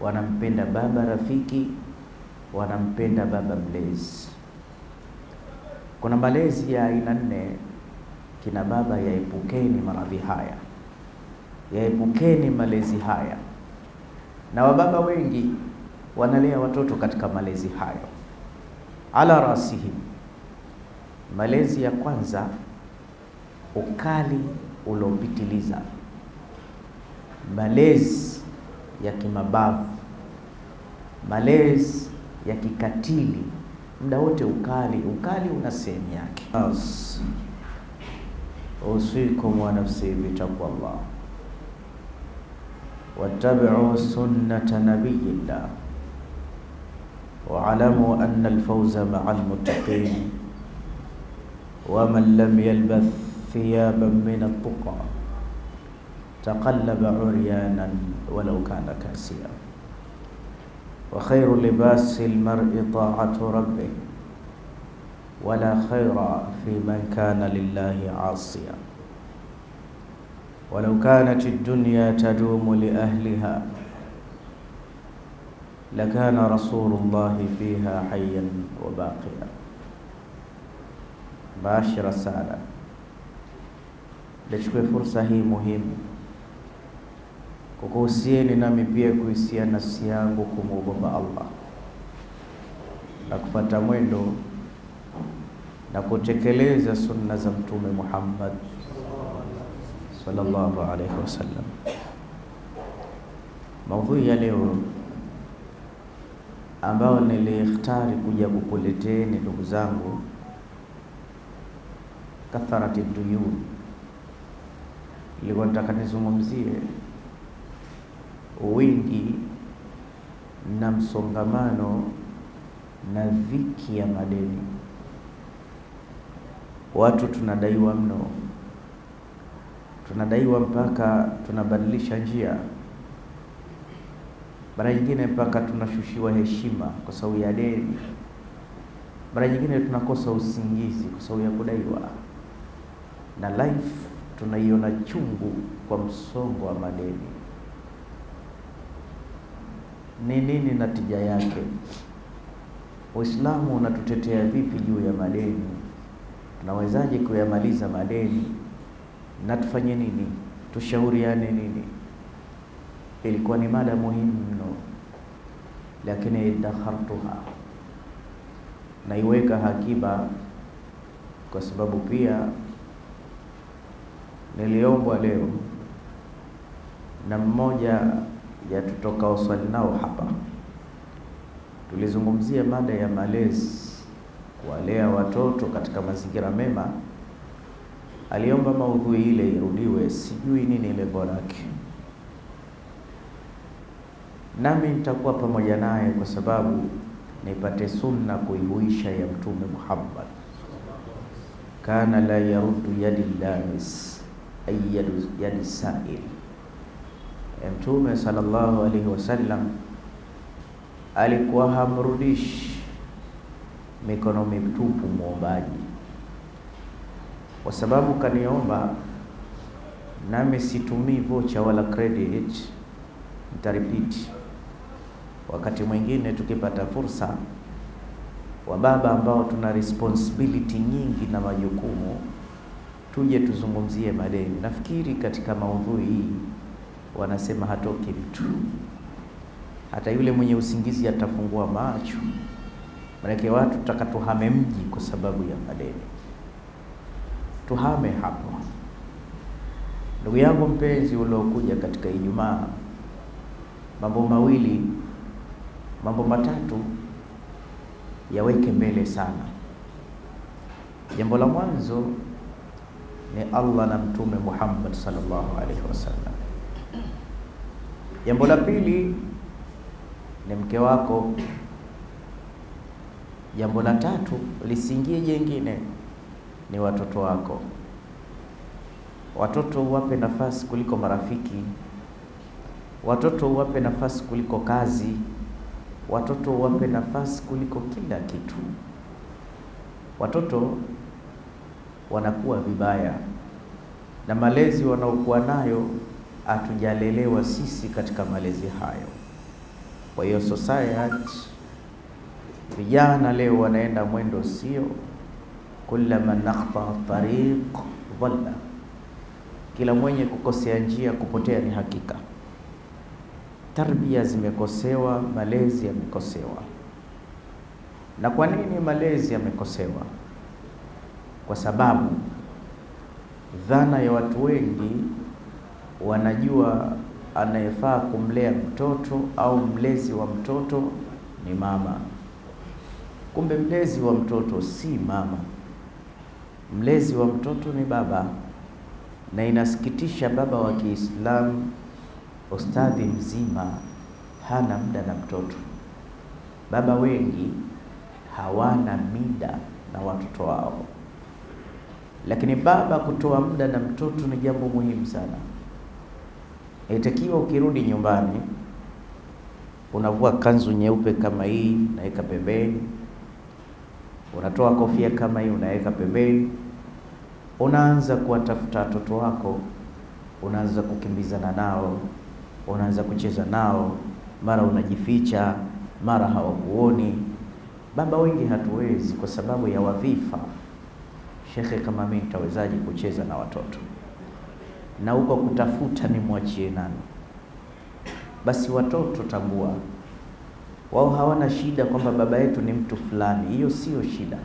wanampenda baba rafiki, wanampenda baba mlezi. Kuna malezi ya aina nne kina baba, yaepukeni maradhi haya, yaepukeni malezi haya. Na wababa wengi wanalea watoto katika malezi hayo. Ala rasihim, malezi ya kwanza, ukali uliopitiliza, malezi ya kimabavu malezi ya kikatili muda wote, ukali ukali una sehemu yake. usikum wa nafsi Allah wattabi'u sunnata nabiyillah waalamu anna alfawza ma'a almuttaqin muttaqin wa man lam yalbath thiyaban min at taqallaba 'uryanan walau kana kasiyan وخير لباس المرء طاعة ربه ولا خير في من كان لله عاصيا ولو كانت الدنيا تدوم لأهلها لكان رسول الله فيها حيا وباقيا باشر السعادة لشكو فرصة هي مهمة kukuhusieni nami pia kuhusia nafsi yangu kumwogopa Allah na kupata mwendo na kutekeleza sunna za Mtume Muhammad sallallahu alaihi wasallam. Maudhui ya leo ambayo niliikhtari kuja kukuleteni ndugu zangu, katharati duyun, nilikuwa nataka nizungumzie wingi na msongamano na dhiki ya madeni. Watu tunadaiwa mno, tunadaiwa mpaka tunabadilisha njia, mara nyingine mpaka tunashushiwa heshima kwa sababu ya deni, mara nyingine tunakosa usingizi kwa sababu ya kudaiwa, na life tunaiona chungu kwa msongo wa madeni ni nini na tija yake? Uislamu unatutetea vipi juu ya madeni? Tunawezaje kuyamaliza madeni? Na tufanye nini? Tushauriane nini? Ilikuwa ni mada muhimu mno, lakini idakhartuha, naiweka hakiba kwa sababu pia niliombwa leo na mmoja yatutokao swali nao hapa. Tulizungumzia mada ya malezi, kuwalea watoto katika mazingira mema. Aliomba maudhui ile irudiwe, sijui nini lengo lake, nami nitakuwa pamoja naye kwa sababu nipate sunna kuihuisha ya Mtume Muhammad kana la yarudu yadi llamis ayyadu yadi sail Mtume sallallahu alaihi wasallam alikuwa hamrudishi mikono mitupu muombaji, kwa sababu kaniomba, nami situmii vocha wala credit, Nitarepeat, wakati mwingine tukipata fursa. Wa baba ambao tuna responsibility nyingi na majukumu, tuje tuzungumzie madeni. Nafikiri katika maudhui hii wanasema hatoki mtu, hata yule mwenye usingizi atafungua macho. manake watu tutaka tuhame mji kwa sababu ya madeni, tuhame hapo. Ndugu yangu mpenzi, uliokuja katika Ijumaa, mambo mawili mambo matatu yaweke mbele sana. Jambo la mwanzo ni Allah na Mtume Muhammad sallallahu alaihi wasallam Jambo la pili ni mke wako. Jambo la tatu lisiingie jengine, ni watoto wako. Watoto wape nafasi kuliko marafiki, watoto wape nafasi kuliko kazi, watoto wape nafasi kuliko kila kitu. Watoto wanakuwa vibaya na malezi wanaokuwa nayo hatujalelewa sisi katika malezi hayo. Kwa hiyo society, vijana leo wanaenda mwendo sio, kula man tariq dhalla, kila mwenye kukosea njia kupotea ni hakika. Tarbia zimekosewa, malezi yamekosewa. Na kwa nini malezi yamekosewa? Kwa sababu dhana ya watu wengi wanajua anayefaa kumlea mtoto au mlezi wa mtoto ni mama. Kumbe mlezi wa mtoto si mama, mlezi wa mtoto ni baba. Na inasikitisha baba wa Kiislamu, ustadhi mzima hana muda na mtoto. Baba wengi hawana mida na watoto wao, lakini baba kutoa muda na mtoto ni jambo muhimu sana. Haitakiwa ukirudi nyumbani unavua kanzu nyeupe kama hii, unaweka pembeni, unatoa kofia kama hii, unaweka pembeni, unaanza kuwatafuta watoto wako, unaanza kukimbizana nao, unaanza kucheza nao, mara unajificha, mara hawakuoni. Baba wengi hatuwezi kwa sababu ya wadhifa. Shekhe, kama mimi nitawezaje kucheza na watoto? na uko kutafuta nimwachie nani? Basi watoto tambua, wao hawana shida kwamba baba yetu ni mtu fulani, hiyo sio shida.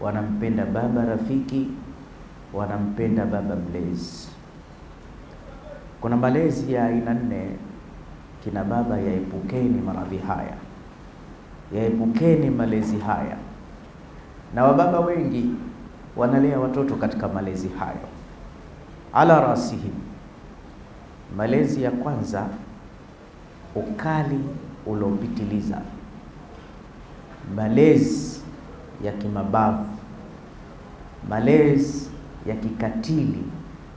Wanampenda baba rafiki, wanampenda baba mlezi. Kuna malezi ya aina nne. Kina baba, yaepukeni maradhi haya, yaepukeni malezi haya, na wababa wengi wanalea watoto katika malezi hayo ala rasihim, malezi ya kwanza, ukali uliopitiliza, malezi ya kimabavu, malezi ya kikatili,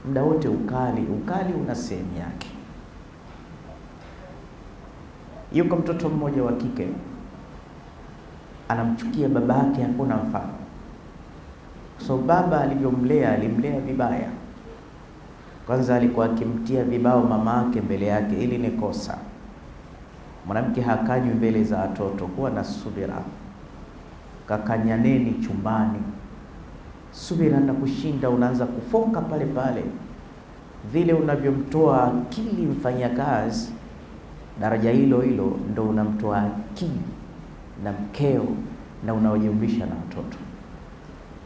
muda wote ukali. Ukali una sehemu yake. Yuko mtoto mmoja wa kike anamchukia baba yake, hakuna mfano, so baba alivyomlea alimlea vibaya kwanza alikuwa akimtia vibao mama yake mbele yake, ili ni kosa. Mwanamke hakanywi mbele za watoto, kuwa na subira. Kakanyaneni chumbani, subira na kushinda, unaanza kufoka pale pale. Vile unavyomtoa akili mfanya kazi, daraja hilo hilo ndo unamtoa akili na mkeo na unaojumlisha na watoto.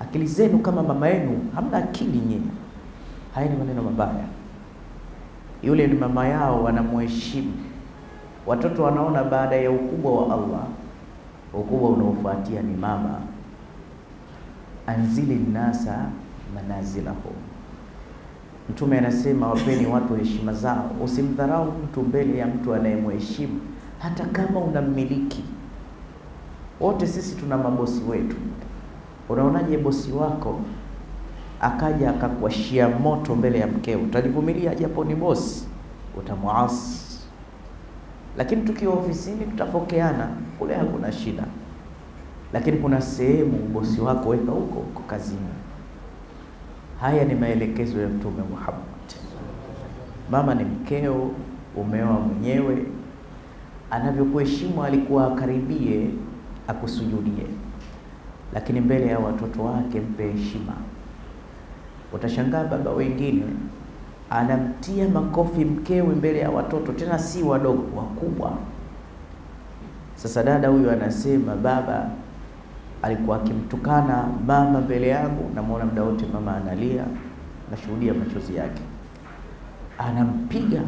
Akili zenu kama mama yenu hamna akili nyinyi Haya ni maneno mabaya. Yule ni mama yao, wanamheshimu. Watoto wanaona baada ya ukubwa wa Allah, ukubwa unaofuatia ni mama. Anzili nasa manazilahum, Mtume anasema wapeni watu heshima zao. Usimdharau mtu mbele ya mtu anayemheshimu, hata kama unammiliki. Wote sisi tuna mabosi wetu. Unaonaje bosi wako akaja akakuashia moto mbele ya mkeo, utajivumilia japo ni bosi, utamwasi. Lakini tukiwa ofisini tutapokeana, kule hakuna shida, lakini kuna sehemu bosi wako weka huko huko kazini. Haya ni maelekezo ya Mtume Muhammad. Mama ni mkeo, umeoa mwenyewe, anavyokuheshimu alikuwa akaribie akusujudie, lakini mbele ya watoto wake mpe heshima. Utashangaa baba wengine anamtia makofi mkewe mbele ya watoto, tena si wadogo, wakubwa. Sasa dada huyu anasema baba alikuwa akimtukana mama mbele yangu, namwona muda wote mama analia, nashuhudia machozi yake, anampiga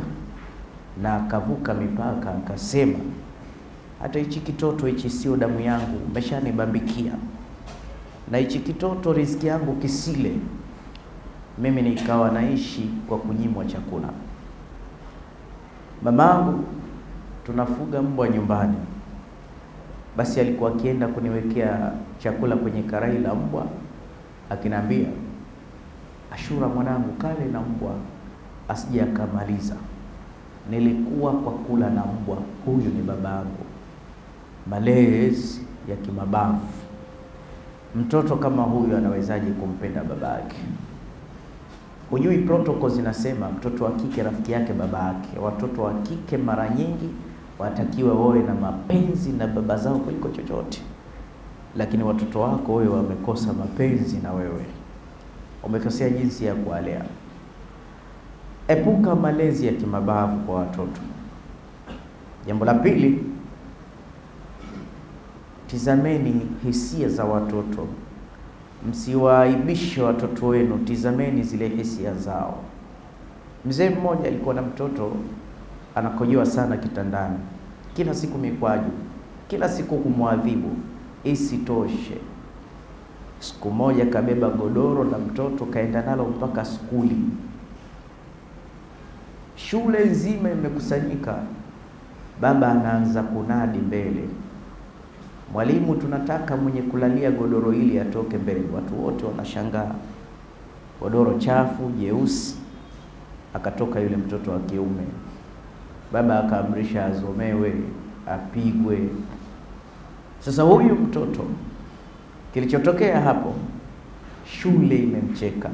na akavuka mipaka, akasema hata hichi kitoto hichi sio damu yangu, umeshanibambikia, na hichi kitoto riziki yangu kisile mimi nikawa naishi kwa kunyimwa chakula. Mamangu tunafuga mbwa nyumbani, basi alikuwa akienda kuniwekea chakula kwenye karai la mbwa, akinambia Ashura, mwanangu, kale na mbwa asije akamaliza. Nilikuwa kwa kula na mbwa, huyu ni babangu. Malezi ya kimabavu, mtoto kama huyu anawezaje kumpenda babake? Hujui protocol zinasema mtoto wa kike rafiki yake baba yake. Watoto wa kike mara nyingi watakiwa wawe na mapenzi na baba zao kuliko chochote, lakini watoto wako wewe wamekosa mapenzi na wewe, wamekosea jinsi ya kuwalea. Epuka malezi ya kimabavu kwa watoto. Jambo la pili, tizameni hisia za watoto msiwaaibishe watoto wenu, tizameni zile hisia zao. Mzee mmoja alikuwa na mtoto anakojoa sana kitandani, kila siku mikwaju, kila siku kumwadhibu. Isitoshe, siku moja kabeba godoro la mtoto kaenda nalo mpaka skuli. Shule nzima imekusanyika, baba anaanza kunadi mbele Mwalimu, tunataka mwenye kulalia godoro hili atoke mbele. Watu wote wanashangaa, godoro chafu jeusi. Akatoka yule mtoto wa kiume, baba akaamrisha azomewe, apigwe. Sasa huyu mtoto, kilichotokea hapo, shule imemcheka,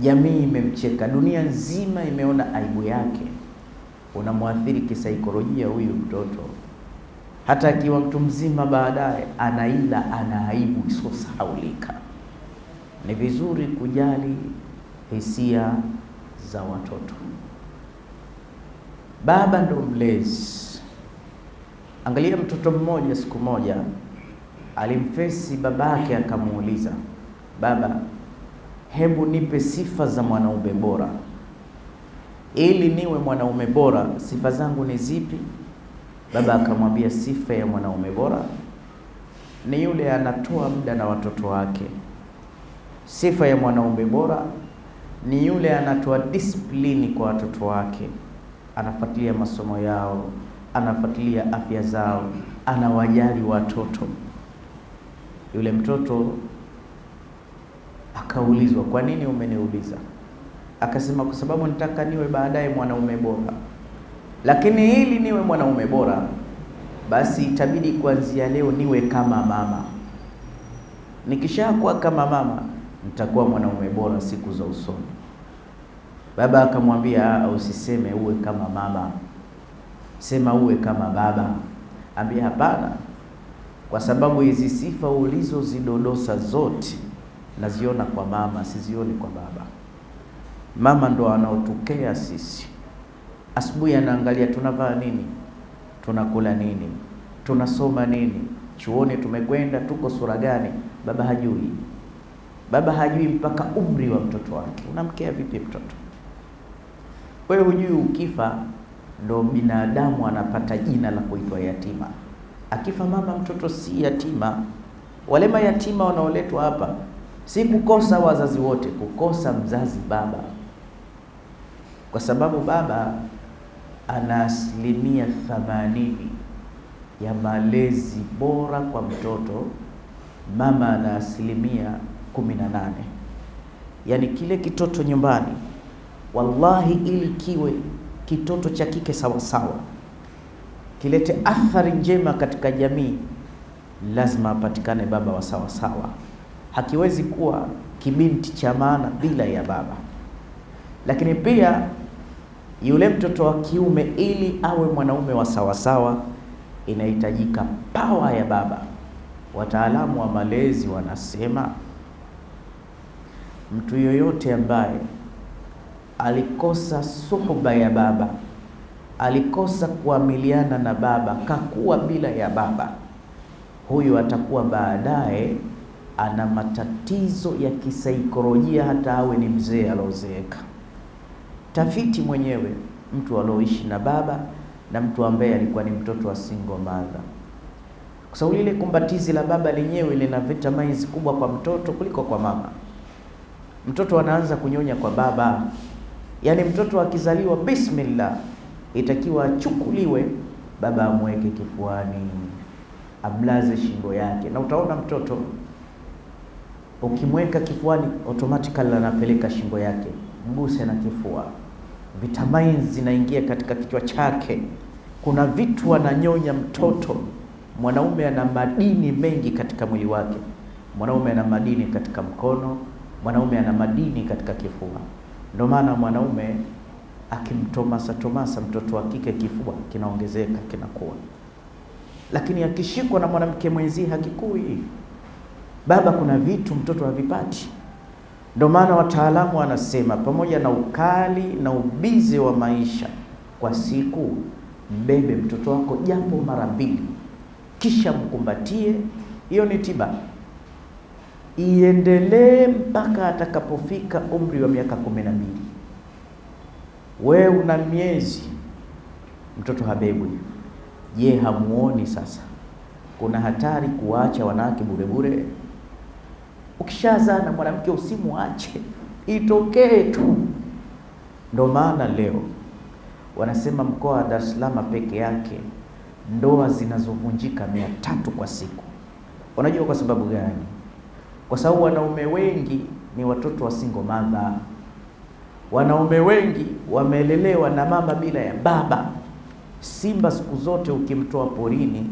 jamii imemcheka, dunia nzima imeona aibu yake. Unamwathiri kisaikolojia huyu mtoto hata akiwa mtu mzima baadaye anaila anaaibu isiosahaulika. Ni vizuri kujali hisia za watoto. Baba ndo mlezi. Angalia, mtoto mmoja siku moja alimfesi babake, akamuuliza baba, hebu nipe sifa za mwanaume bora. Ili niwe mwanaume bora, sifa zangu ni zipi? Baba akamwambia sifa ya mwanaume bora ni yule anatoa muda na watoto wake. Sifa ya mwanaume bora ni yule anatoa disiplini kwa watoto wake, anafuatilia masomo yao, anafuatilia afya zao, anawajali watoto. Yule mtoto akaulizwa, kwa nini umeniuliza? Akasema, kwa sababu nitaka niwe baadaye mwanaume bora. Lakini ili niwe mwanaume bora, basi itabidi kuanzia leo niwe kama mama. Nikishakuwa kama mama, nitakuwa mwanaume bora siku za usoni. Baba akamwambia, usiseme uwe kama mama, sema uwe kama baba. Ambia hapana, kwa sababu hizi sifa ulizozidodosa zote naziona kwa mama, sizioni kwa baba. Mama ndo anaotokea sisi Asubuhi anaangalia tunavaa nini, tunakula nini, tunasoma nini, chuoni tumekwenda, tuko sura gani. Baba hajui, baba hajui mpaka umri wa mtoto wake. Unamkea vipi mtoto? hiyo hujui, ukifa ndo binadamu anapata jina la kuitwa yatima. Akifa mama, mtoto si yatima. Wale mayatima wanaoletwa hapa si kukosa wazazi wote, kukosa mzazi baba, kwa sababu baba ana asilimia thamanini ya malezi bora kwa mtoto, mama ana asilimia kumi na nane. Yaani kile kitoto nyumbani, wallahi, ili kiwe kitoto cha kike sawasawa, kilete athari njema katika jamii, lazima apatikane baba wa sawasawa. Hakiwezi kuwa kibinti cha maana bila ya baba, lakini pia yule mtoto wa kiume ili awe mwanaume wa sawasawa, inahitajika pawa ya baba. Wataalamu wa malezi wanasema mtu yoyote ambaye alikosa suhuba ya baba, alikosa kuamiliana na baba, kakuwa bila ya baba, huyu atakuwa baadaye ana matatizo ya kisaikolojia hata awe ni mzee alozeeka tafiti mwenyewe mtu alioishi na baba na mtu ambaye alikuwa ni mtoto wa single mother, kwa sababu lile kumbatizi la baba lenyewe lina vitamins kubwa kwa mtoto kuliko kwa mama. Mtoto anaanza kunyonya kwa baba, yaani mtoto akizaliwa, bismillah, itakiwa achukuliwe baba amweke kifuani, amlaze shingo yake, na utaona mtoto ukimweka kifuani automatically anapeleka shingo yake, mguse na kifua vitamini zinaingia katika kichwa chake. Kuna vitu ananyonya mtoto. Mwanaume ana madini mengi katika mwili wake. Mwanaume ana madini katika mkono, mwanaume ana madini katika kifua. Ndio maana mwanaume akimtomasa tomasa mtoto wa kike kifua kinaongezeka, kinakuwa, lakini akishikwa na mwanamke mwenzie hakikui. Baba, kuna vitu mtoto havipati. Ndio maana wataalamu wanasema pamoja na ukali na ubizi wa maisha, kwa siku mbebe mtoto wako japo mara mbili, kisha mkumbatie. Hiyo ni tiba, iendelee mpaka atakapofika umri wa miaka kumi na mbili. Wewe una miezi, mtoto habebwi. Je, hamuoni sasa kuna hatari kuwaacha wanawake burebure? Ukishazaa na mwanamke usimwache, itokee tu. Ndo maana leo wanasema mkoa wa Dar es Salaam peke yake ndoa zinazovunjika mia tatu kwa siku. Unajua kwa sababu gani? Kwa sababu wanaume wengi ni watoto wa single mother. Wanaume wengi wameelelewa na mama bila ya baba. Simba siku zote ukimtoa porini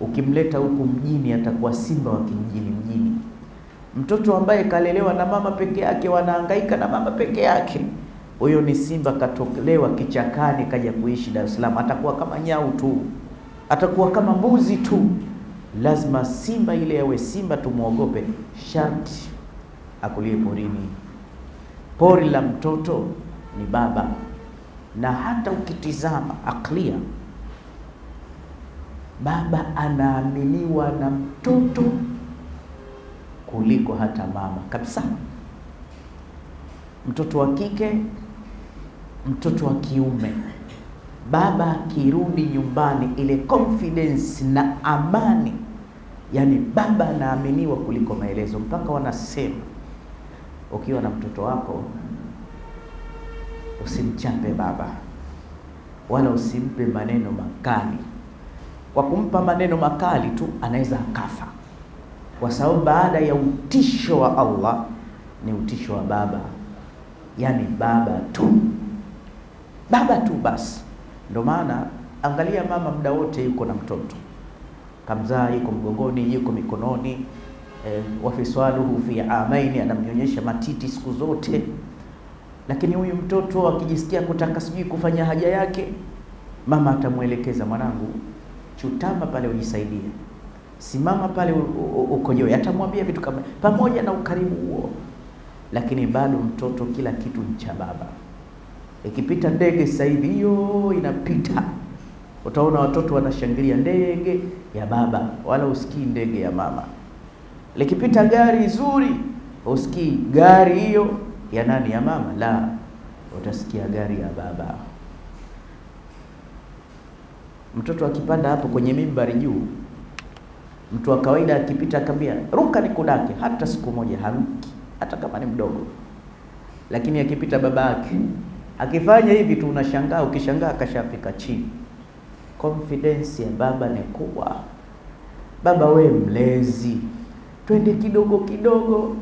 ukimleta huku mjini, atakuwa simba wa kimjini mjini Mtoto ambaye kalelewa na mama peke yake, wanahangaika na mama peke yake, huyo ni simba katolewa kichakani, kaja kuishi Dar es Salaam, atakuwa kama nyau tu, atakuwa kama mbuzi tu. Lazima simba ile awe simba, tumwogope, sharti akulie porini. Pori la mtoto ni baba, na hata ukitizama aklia, baba anaaminiwa na mtoto kuliko hata mama kabisa. Mtoto wa kike, mtoto wa kiume, baba akirudi nyumbani, ile confidence na amani, yani baba anaaminiwa kuliko maelezo. Mpaka wanasema ukiwa na mtoto wako usimchape baba wala usimpe maneno makali. Kwa kumpa maneno makali tu anaweza akafa kwa sababu baada ya utisho wa Allah ni utisho wa baba, yaani baba tu, baba tu basi. Ndio maana angalia, mama muda wote yuko na mtoto, kamzaa, yuko mgongoni, yuko mikononi e, eh, wafiswaluhu fi amaini, anamnyonyesha matiti siku zote, lakini huyu mtoto akijisikia kutaka sijui kufanya haja yake, mama atamwelekeza mwanangu, chutama pale ujisaidie simama pale ukojoe, atamwambia vitu kama pamoja na ukarimu huo, lakini bado mtoto kila kitu ni cha baba. Ikipita ndege sasa hivi hiyo inapita, utaona watoto wanashangilia ndege ya baba, wala usikii ndege ya mama. Likipita gari zuri, usikii gari hiyo ya nani, ya mama, la, utasikia gari ya baba. Mtoto akipanda hapo kwenye mimbari juu Mtu wa kawaida akipita akambia ruka nikudake, hata siku moja haruki, hata kama ni mdogo. Lakini akipita baba yake akifanya hivi tu unashangaa, ukishangaa kashafika chini. Confidence ya baba ni kubwa. Baba we mlezi, twende kidogo kidogo.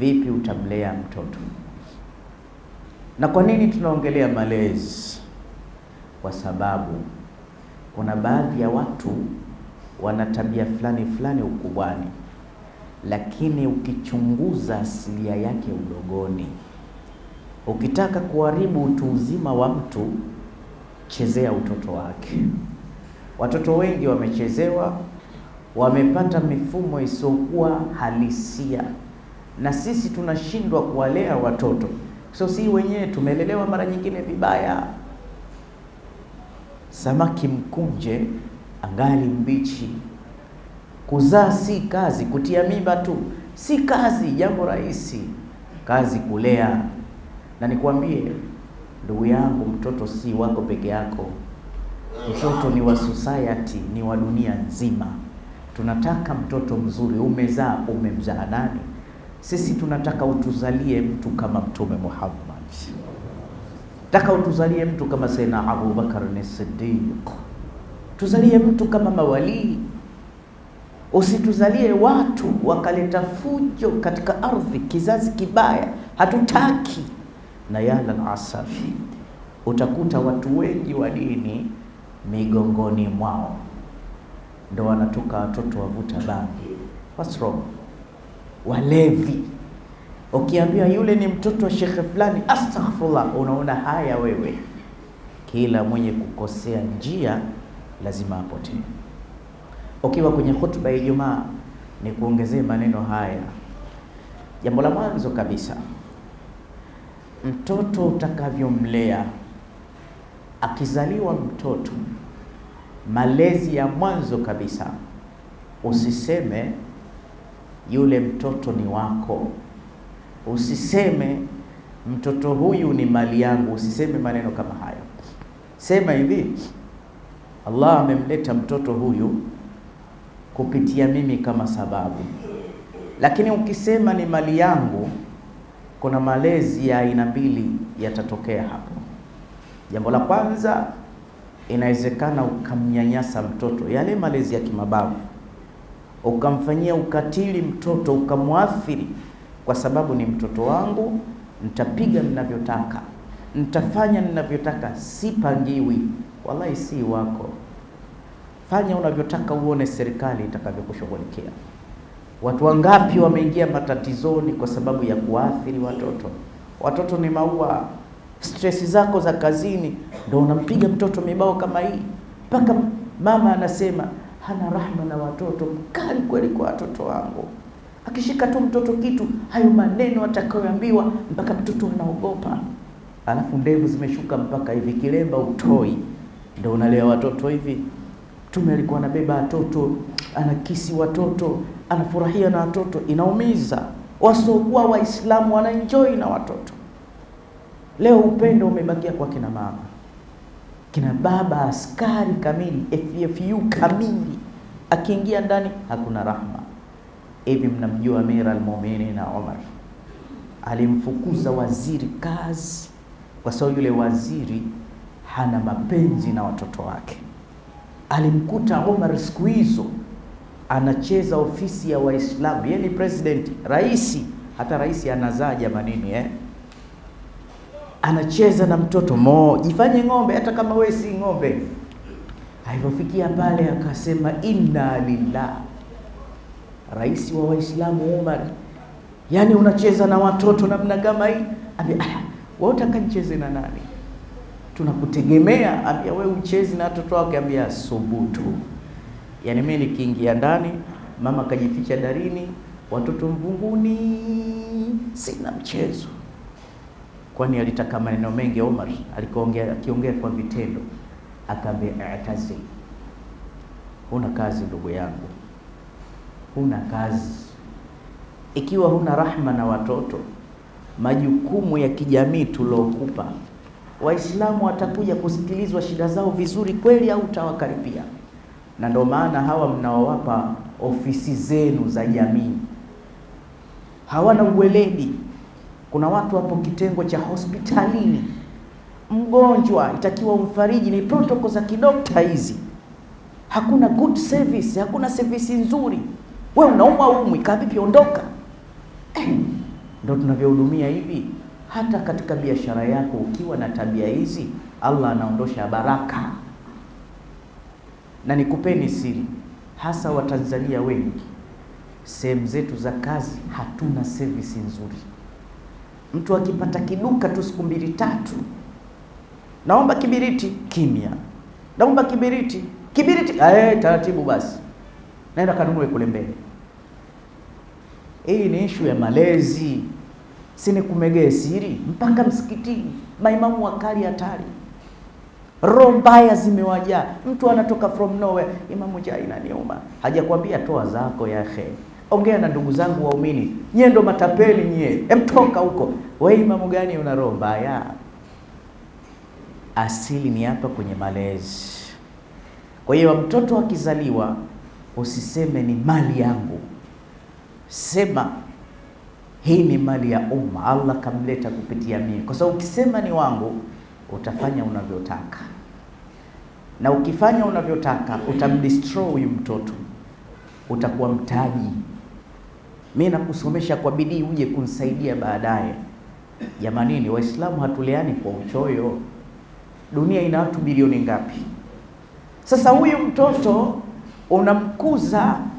Vipi utamlea mtoto? Na kwa nini tunaongelea malezi? Kwa sababu kuna baadhi ya watu wana tabia fulani fulani ukubwani, lakini ukichunguza asilia yake udogoni. Ukitaka kuharibu utu uzima wa mtu, chezea utoto wake. Watoto wengi wamechezewa, wamepata mifumo isiyokuwa halisia, na sisi tunashindwa kuwalea watoto. So si wenyewe tumelelewa mara nyingine vibaya. Samaki mkunje angali mbichi. Kuzaa si kazi, kutia mimba tu si kazi, jambo rahisi. Kazi kulea. Na nikwambie ndugu yangu, mtoto si wako peke yako, mtoto ni wa society, ni wa dunia nzima. Tunataka mtoto mzuri. Umezaa, umemzaa nani? Sisi tunataka utuzalie mtu kama Mtume Muhammad, taka utuzalie mtu kama Sayyidina Abu Bakar ni Siddiq tuzalie mtu kama mawalii, usituzalie watu wakaleta fujo katika ardhi, kizazi kibaya hatutaki. Na yala asafi, utakuta watu wengi wa dini migongoni mwao ndo wanatoka watoto wavuta bangi, what's wrong, walevi. ukiambia yule ni mtoto wa shekhe fulani, astaghfirullah, unaona haya wewe. Kila mwenye kukosea njia lazima apotee. Ukiwa kwenye hutuba ya Ijumaa, ni kuongezee maneno haya. Jambo la mwanzo kabisa, mtoto utakavyomlea, akizaliwa mtoto, malezi ya mwanzo kabisa, usiseme yule mtoto ni wako, usiseme mtoto huyu ni mali yangu, usiseme maneno kama hayo. Sema hivi Allah amemleta mtoto huyu kupitia mimi kama sababu, lakini ukisema ni mali yangu, kuna malezi ya aina mbili yatatokea hapo. Jambo la kwanza, inawezekana ukamnyanyasa mtoto, yale malezi ya kimabavu, ukamfanyia ukatili mtoto, ukamwathiri kwa sababu ni mtoto wangu, nitapiga ninavyotaka, nitafanya ninavyotaka, sipangiwi wallahi si wako. Fanya unavyotaka uone serikali itakavyokushughulikia. Watu wangapi wameingia matatizoni kwa sababu ya kuathiri watoto? Watoto ni maua. Stresi zako za kazini ndio unampiga mtoto mibao kama hii, mpaka mama anasema hana rahma na watoto. Mkali kweli kwa watoto wangu, akishika tu mtoto kitu, hayo maneno atakayoambiwa mpaka mtoto anaogopa, alafu ndevu zimeshuka mpaka hivi, kilemba utoi ndio unalea watoto hivi. Mtume alikuwa anabeba watoto, anakisi watoto, anafurahia na watoto. Inaumiza wasiokuwa Waislamu wanaenjoy na watoto. Leo upendo umebakia kwa kina mama, kina baba, askari kamili, FFU e kamili, akiingia ndani hakuna rahma. Hivi mnamjua Amir al-Mu'minin na Omar alimfukuza waziri kazi kwa sababu yule waziri hana mapenzi na watoto wake. Alimkuta Omar siku hizo anacheza ofisi ya Waislamu, yeye ni president, rais, Hata raisi anazaa jamanini eh? Anacheza na mtoto mo, jifanye ng'ombe, hata kama wewe si ng'ombe. Alipofikia pale akasema inna lillah, rais wa Waislamu Omar, yani unacheza na watoto namna kama hii? Ah, wewe nicheze na nani? tunakutegemea, ambia wewe uchezi na watoto wake, ambia subutu. Yani mimi nikiingia ndani, mama akajificha darini, watoto mvunguni, sina mchezo. Kwani alitaka maneno mengi. Omar alikoongea, akiongea kwa vitendo, akaambia atazi, huna kazi ndugu yangu, huna kazi. Ikiwa huna rahma na watoto, majukumu ya kijamii tuliokupa Waislamu watakuja kusikilizwa shida zao vizuri kweli, au utawakaribia? Na ndio maana hawa mnaowapa ofisi zenu za jamii hawana uweledi. Kuna watu hapo kitengo cha hospitalini, mgonjwa itakiwa umfariji, ni protokol za kidokta hizi. Hakuna good service, hakuna service nzuri. We unaumwa umwi, kavipi? Ondoka. Ndio tunavyohudumia hivi hata katika biashara yako ukiwa na tabia hizi, Allah anaondosha baraka. Na nikupeni siri, hasa Watanzania wengi, sehemu zetu za kazi hatuna service nzuri. Mtu akipata kiduka tu siku mbili tatu, naomba kibiriti, kimya, naomba kibiriti, kibiriti, ae, eh, taratibu basi, naenda kanunue kule mbele. Hii ni ishu ya malezi sinikumegee siri, mpaka msikitini, maimamu wakali hatari, roho mbaya zimewajaa. Mtu anatoka from nowhere, imamu chai inaniuma, hajakwambia toa zako yahe. Ongea na ndugu zangu waumini, nyie ndo matapeli nyie, emtoka huko. We imamu gani una roho mbaya? Asili ni hapa kwenye malezi. Kwa hiyo mtoto akizaliwa, usiseme ni mali yangu, sema hii ni mali ya umma, Allah kamleta kupitia mimi, kwa sababu ukisema ni wangu utafanya unavyotaka, na ukifanya unavyotaka utamdestroy mtoto, utakuwa mtaji. Mimi nakusomesha kwa bidii uje kunisaidia baadaye. Jamanini, Waislamu hatuleani kwa uchoyo. Dunia ina watu bilioni ngapi? Sasa huyu mtoto unamkuza